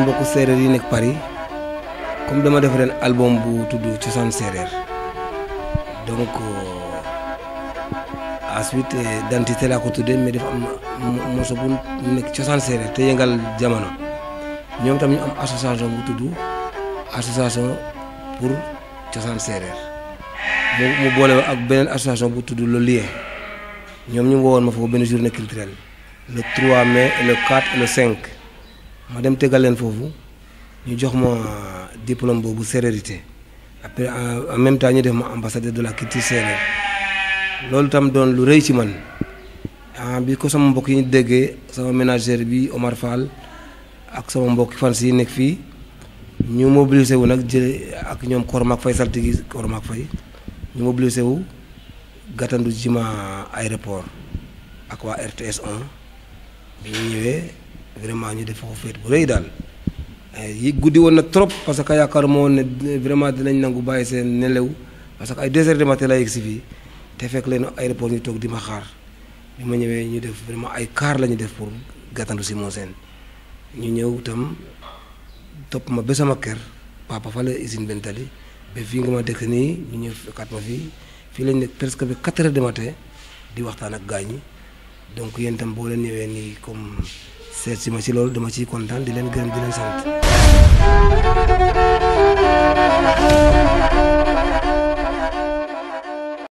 suñu mbokku séeréer yi nekk Paris comme dama def ren album bu tudd ci cosaan séeréer donc ensuite euh, euh, dentité la ko tuddee mais dafa am morceau bu nekk cosaan séeréer te yëngal jamono ñoom tam ñu am association bu tudd association pour cosaan séeréer mu mu boole ak beneen association bu tudd Le Lieu ñoom ñu woowoon ma foofu benn journée culturelle le 3 mai le 4 et le 5. ma dem tëggal leen foofu ñu jox ma euh, diplôme boobu sérérité après euh, en même temps ñu def ma ambassadeur de la culture séeréer loolu tam doon lu rëy ci man ah, bi ko sama mbokk yi déggee sama ménagère bi Omar ak sama mbokk fans yi nekk fii ñu mobilisé wu nag jële ak ñoom Kormaak Fay saltigi Kormaak Fay ñu mobilisé wu gàttandu jima aéroport ak waa RTS 1 bi ñu ñëwee vraiment ñu def ko fet bu reuy dal eh, yi guddi woon na trop parce que yaakar mo ne vraiment dinañ nangu baye sen nelew parce que ay désert de matin laa yegg té fek te fekk leen aéroport ñu tok di ma xaar bi ma ñëwee ñu def vraiment ay car lañu def pour gàttandu ci mon sen ñu ñëw tam top ma ba sama kër papa fa la usine bentali ba fi nga ma dëkk ni ñu ñëw kat ma fi fi lañ nek presque ba 4 heures de matin di waxtaan ak gaañi donc yéen tam boo leen ñëwé ni comme seet si ma si loolu dama ciy kontaan di leen gën di leen sant.